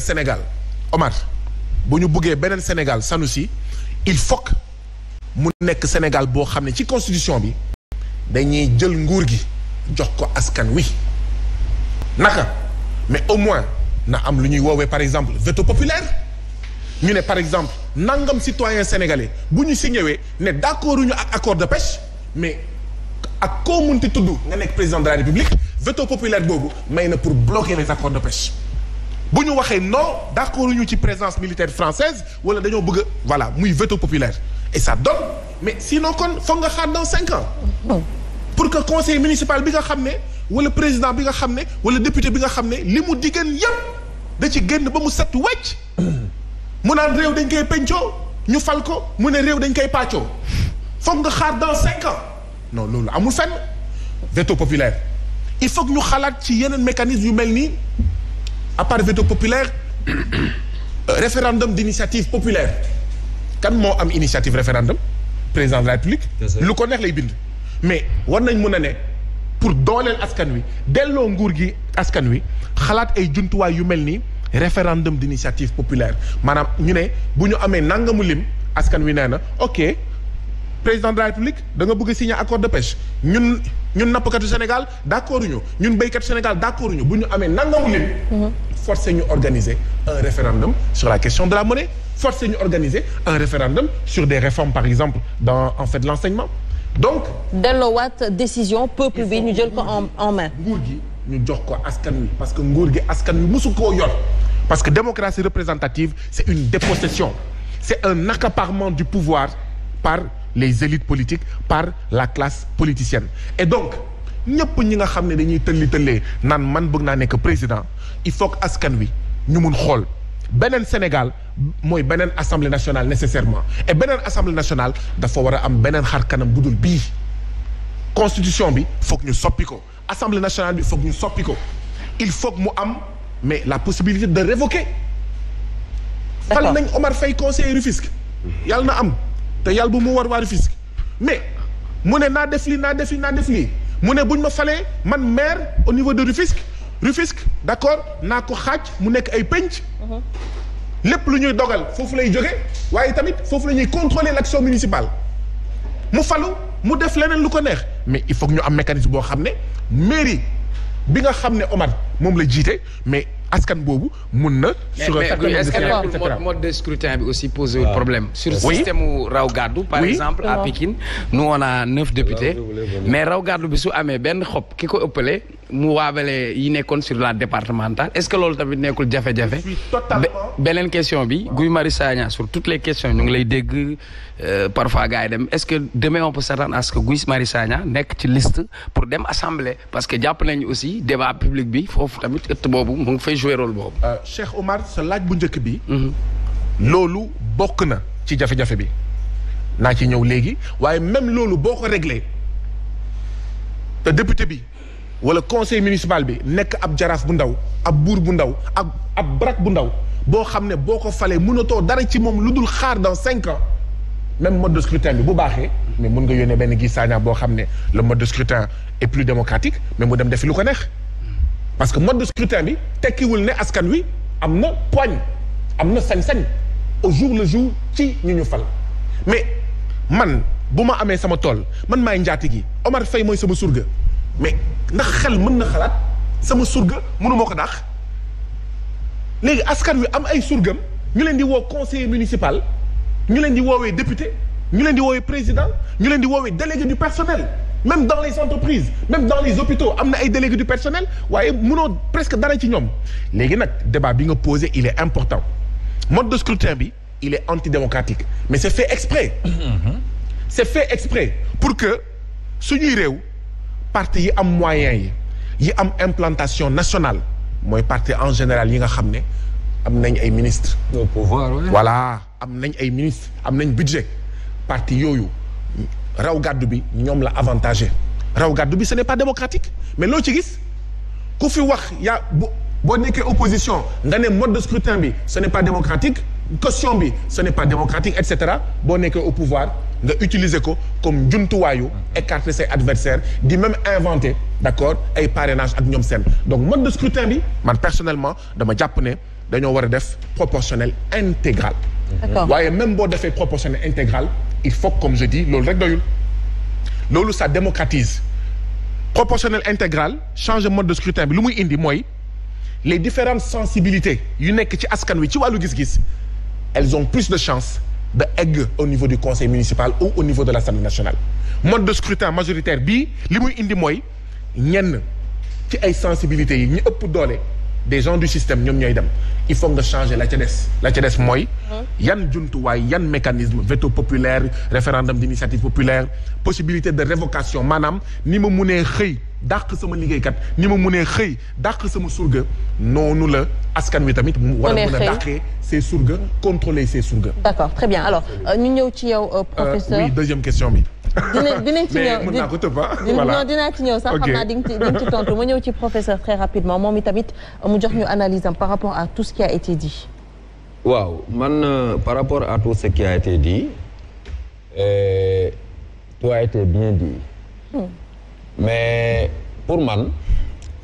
Sénégal Omar bu ñu buggee beneen Sénégal Sanusi il faut que mu nekk Sénégal boo xam ne ci constitution bi dañuy jël nguur gi jox ko askan wi naka mais au moins na am lu ñuy woowee par exemple veto populaire ñu ne par exemple nangam citoyen sénégalais bu ñu si ñëwee ne d'accord ñu ak accord de pêche mais ak koo munti tudd nga nekk président de la république veto populaire boobu may na pour bloquer les accords de pêche bu ñu waxee non d'accord ñu ci présence militaire française wala dañoo bëgg voilà muy veto populaire et ça donne mais sinon kon foog nga xaar dans cinq ans pour que conseil municipal bi nga xam ne wala président bi nga xam ne wala député bi nga xam ne li mu diggan yëpp da ci génn ba mu set wecc mu réew dañ koy pencoo ñu fal ko mu ne réew dañ koy pàccoo foog nga xaar dans cinq ans non loolu amul fenn veto populaire il faut que ñu xalaat ci yeneen mécanisme yu mel nii appart veto populaire euh, référendum d'initiative populaire kan moo am initiative référendum président de la république lu ko neex lay bind mais war nañ mun a ne pour dooleel askan wi delloo nguur gi askan wi xalaat ay jumtuwaay yu mel nii référendum d'initiative populaire maanaam ñu ne bu ñu amee nangamu lim askan wi nee na ok président de la république da nga bëgg signer accord de pêche ñun ñun nappkatu Sénégal d'accord ñu ñun béykatu Sénégal d'accord ñu bu ñu amee nangamu lim. forcé ñu organiser un référendum sur la question de la monnaie forcé ñu organiser un référendum sur des réformes par exemple dans en fait l'enseignement donc. delloowaat décision peuple bi ñu jël ko en en main. nguur gi ñu jox ko askan wi parce que nguur gi askan wi mosu koo yor parce que démocratie représentative c'est une dépossession c'est un accaparement du pouvoir par. les élites politiques par la classe politicienne et donc ñëpp ñi nga xam ne dañuy tëlli tëllee naan man bëgg naa nekk président il faut que askan wi ñu mun xool beneen Sénégal mooy beneen assemblée nationale nécessairement et beneen assemblée nationale dafa war a am beneen xar kanam bu dul bii constitution bi foog ñu soppi ko assemblée nationale bi foog ñu soppi ko il faut mu am mais la possibilité de révoquer fal nañ Omar fay conseiller Rufisque mm-hmm. yàlla na am te yàlla bu mu war waari fisc mais mu ne naa def lii naa def lii naa def lii mu ne buñ ma falee man maire au niveau de Rufisque Rufisque d'accord naa ko xaaj mu nekk ay penc lépp lu ñuy dogal foofu lay jóge waaye tamit foofu la ñuy contrôler l'action municipale mu falu mu def leneen lu ko neex mais il faut ñu am mécanisme boo xam ne mairie bi nga xam ne Omar moom la jiite mais askan boobu mun na. sur un certain nombre de scrutin bi aussi pose ah. problème. sur système wu raw gàddu. par exemple à Pikine nu on neuf députés. Ah, mais raw gàddu bi su amee benn xob ki ko ëppale mu waabale yi nekkoon sur la départementale est ce que loolu tamit nekkul jafe-jafe. beneen question bi Guy mari Sagna sur toutes les questions ñu ngi lay dégg euh, parfois gars yi dem est ce que demain on peut s'attendre que Guy mari Sagna nekk ci list pour dem assemblée parce que jàpp nañu aussi débat public bi foofu tamit joué rôle boobu. Euh, Cheikh Omar sa laaj bu njëkk bi. Mhm. loolu bokk na ci jafe-jafe bi naa ci ñëw léegi waaye même loolu boo ko réglé te député bi wala conseil municipal bi nekk ab jaraaf bu ndaw ab buur bu ndaw ab ab brak bu ndaw boo xam ne boo ko falee mënatoo dara ci moom lu dul xaar dans cinq ans même mode de scrutin bi bu baaxee mais mun nga yoone benn gi saañaa boo xam ne la mode de scrutin est plus démocratique mais mu dem defi lu ko neex. parce que mode de scrutin bi tekkiwul ne askan wi am na poigne am na sañ-sañ au jour la jour ci ñu ñu fal mais man bu ma amee sama tool man maay njaati gi Omar Faye mooy sama surga mais ndax xel mën na xalaat sama surga mënu ko dàq léegi askan wi am ay surgam ñu leen di woo conseiller municipal ñu leen di woowee député ñu leen di woowee président ñu leen di woowee délégué du personnel même dans les entreprises même dans les hôpitaux am na ay délégués du personnel waaye mënoo presque dara ci ñoom léegi nag débat bi nga posé il est important mode de scrutin bi il est antidémocratique mais c'est fait exprès mhm. c'est fait exprès pour que suñuy réew parti yi am moyen yi yi am implantation nationale mooy parti en général yi nga xam ne am nañ ay ministres au voilà am nañ ay ministres am nañ budget parti yooyu raw gàddu bi ñoom la avantagé raw gàddu bi ce n'est pas démocratique mais loo ci gis ku fi wax yaa boo nekkee opposition nga ne mode de scrutin bi ce n'est pas démocratique question bi ce ne pas démocratique et cetera boo nekkee au pouvoir nga utiliser ko comme njumtuwaayu écarter ses adversaires di même inventer d'accord ay parrainage ak ñoom seen donc mode de scrutin bi man personnellement dama jàpp ne dañoo war a def proportionnel intégral waaye même boo defee proportionnel intégral il faut comme je dis loolu rek doyul loolu ça démocratise proportionnel intégral changer mode de scrutin bi lu muy indi mooy les différentes sensibilités yu nekk ci askan wi ci wàllu gis-gis elles ont plus de chance de egg au niveau du conseil municipal ou au niveau de l'Assemblée nationale mode de scrutin majoritaire bii li muy indi mooy ñenn ci ay sensibilités yi ñu ëpp doole des gens du système ñoom ñooy dem il faut nga changer la ca des la ca des mooy yan jumtuwaay yan mécanisme veto populaire référendum d'initiative populaire possibilité de révocation maanaam ni ma munee xëy dàq sama liggéey kat ni ma munee xëy dàq sama surga noonu la askan wi tamit mu war a a dàqee ses surga contrôler ses surga d'accord très bien alors euh, ñu ñëw ci yow euh, euh, professeur oui deuxième question bi dinañ dinañ ci ñëw mën naa ah. ñëw sax xam naa di nga ci di nga ci tontu professeur très rapidement moom itamit mu jox ñu analyse am par rapport à tout ce qui a été dit. man euh, par rapport à tout ce qui a été euh, bien dit hmm. mais pour man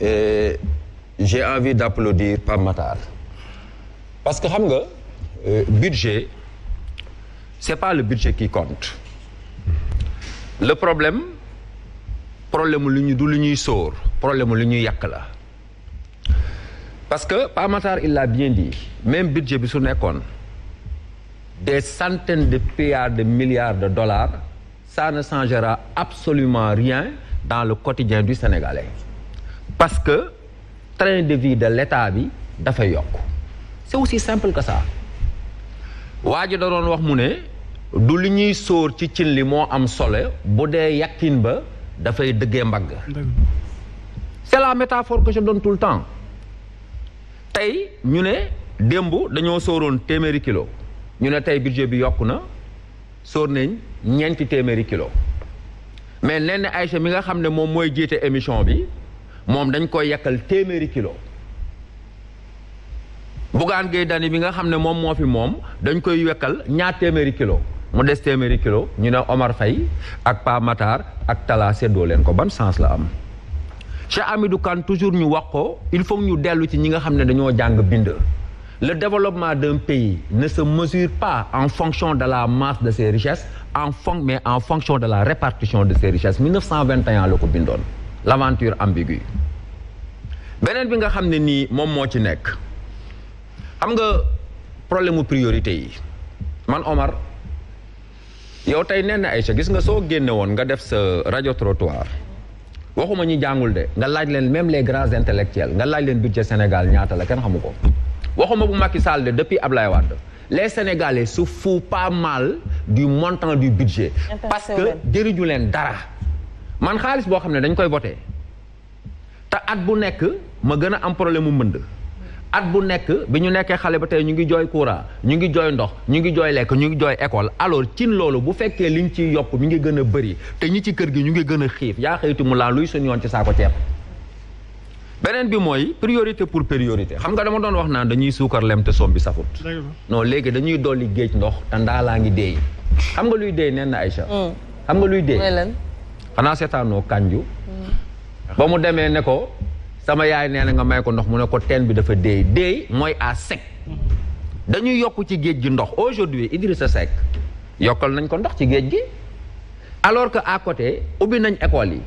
euh, j'ai envie d'applaudir Pape Matar parce que xam nga euh, budget c'est pas le budget qui compte le problème problème lu ñu du lu ñuy soor problème lu ñuy yàq la parce que Pa Matar il l'a bien dit même budget bi su nekkoon des centaines de milliards de milliards de dollars ça ne changera absolument rien dans le quotidien du Sénégalais parce que train de vie de l'État bi dafay yokk c'est aussi simple que ça waa ji da wax mu ne du li ñuy soor ci cin li moo am solo bu dee yàqin ba dafay dëggee mbagg c'est la métaphore que je donne temps tey ñu ne démb dañoo sóoroon téeméeri kilo ñu ne tey budget bi yokku na soor nañ ñeenti téeméeri kilo mais nee na Aïcha nga xam ne moom mooy jiite émission bi moom dañ koy yàkkal téeméeri kilo Bougane Gueye Dany bi nga xam ne moom moo fi moom dañ koy wekkal ñaar téeméeri kilo mu des téeméeri kilo ñu ne Omar Faye ak Pa Matar ak Talla seddoo leen ko ban sens la am Cheikh Hamidou Kane toujours ñu wax ko il faut ñu dellu ci ñi nga xam ne dañoo jàng bind le développement d'un pays ne se mesure pas en fonction de la masse de ses richesses en fon mais en fonction de la répartition de ses richesses 1921 la ko bindoon l'aventure ambiguë beneen bi nga xam ne nii moom moo ci nekk xam nga problème mu priorité yi man Omar yow tey nee ay sa gis nga soo génne woon nga def sa rajo trottoir waxuma ñi jàngul de nga laaj leen même les grands intellectuels nga laaj leen budget Sénégal ñaata la kenn xamu ko waxuma bu Macky Sall de depuis ab Ablaye Wade les Sénégalais se foutent pas mal du montant du budget parce que jëriñu leen dara man xaalis boo xam ne dañ koy voté te at bu nekk ma gën a am problème mu mbënd at bu nekk bi ñu nekkee xale ba tey ñu ngi jooy courant ñu ngi jooy ndox ñu ngi jooy lekk ñu ngi jooy école alors cin loolu bu fekkee li liñ ciy yokk mi ngi gën a bëri te ñi ci kër gi ñu ngi gën xiif yaa xëytu mu laa luy suñu yoon ci saako ceeb beneen bi mooy priorité pour priorité xam nga dama doon wax naan dañuy suukar lem te soom bi safut non léegi dañuy dolli géej ndox te laa ngi deey xam nga luy deey nen na Aïcha mm. xam nga luy deey xanaa seetaanoo kànju mm. ne ko sama yaay nee na nga may ko ndox mu ne ko teen bi dafa déey déey mooy à sec dañuy yokk ci géej gi ndox aujourd'hui sa Seck yokkal nañ ko ndox ci géej gi alors que à côté ubbi nañ école yi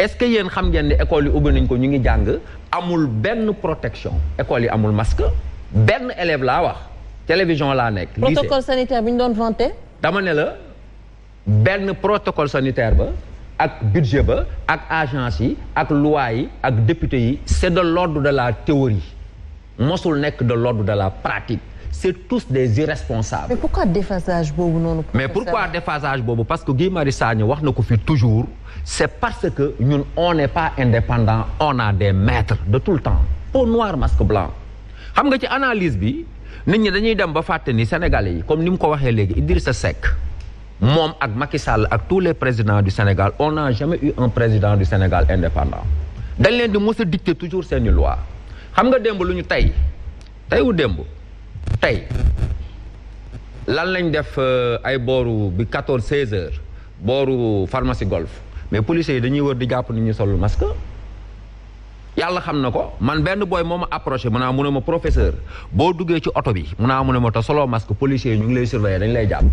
est-ce que yéen xam ngeen ne école yi ubbi nañ ko ñu ngi jàng amul benn protection école yi amul masque benn élève laa wax télévision laa nekk. protocole sanitaire bi ñu doon vanté. dama ne la benn protocole sanitaire ba. ak budget ba ak agence yi ak loi yi ak député yi c'est de l'ordre de la théorie mosul nekk de l'ordre de la pratique c'est tous des irresponsables. mais pourquoi déphasage boobu noonu. mais pourquoi déphasage boobu parce que Guy Marius Sagna wax na ko fi toujours c'est parce que ñun on n'est pas indépendant on a des maîtres de tout le temps peau noire masque blanc xam nga ci analyse bi nit ñi dañuy dem ba fàtte ni Sénégalais yi comme ni mu ko waxee léegi Idrissa Seck. moom ak Macky Sall ak tous les présidents du Sénégal on n'a jamais eu un président du Sénégal indépendant dañ leen di mos a toujours seeni loi xam nga démb lu ñu tey tey wu démb tey lan lañ def euh, ay booru bi 14 16 heures booru pharmacie golf mais policiers yi dañuy wër di jàpp ni ñu sol masque yàlla xam na ko man benn booy moo ma approché mu naa mu professeur boo duggee ci oto bi mu naa mu ne ma te soloo masque policiers yi ñu ngi lay surveiller dañ lay jàpp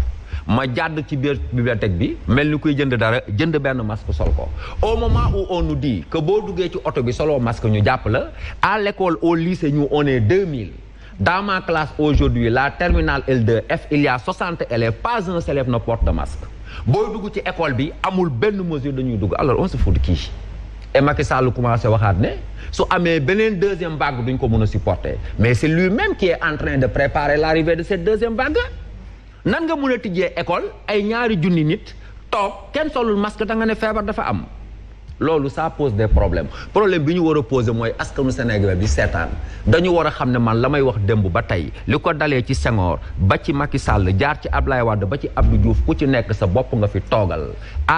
ma jàdd ci biir bibliothèque bi mel ni kuy jënd dara jënd benn masque sol ko au moment où on nous boo duggee ci oto bi soloo masque ñu jàpp la à l'école au lycée ñu on est 2000 dans ma classe aujourd'hui la terminale L2F il y a 60 élèves pas un élève ne porte de masque booy dugg ci école bi amul benn mesure dañuy dugg alors on se kii et Macky Sall commencé waxaat ne su amee beneen deuxième vague duñ ko mun a supporter mais c'est lui-même qui est en train de préparer nan nga mun a tijjee école ay ñaari junni nit toog kenn solul masque da nga ne feebar dafa am loolu ça pose des problèmes problème bi ñu war a poser mooy askanu Sénégal bi seetaan dañu war a xam ne man la may wax démb ba tey li ko dalee ci Senghor ba ci Macky sàll jaar ci ab Ablaye Wade ba ci Abdou juuf ku ci nekk sa bopp nga fi toogal